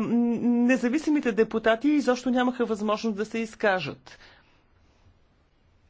независимите депутати изобщо нямаха възможност да се изкажат.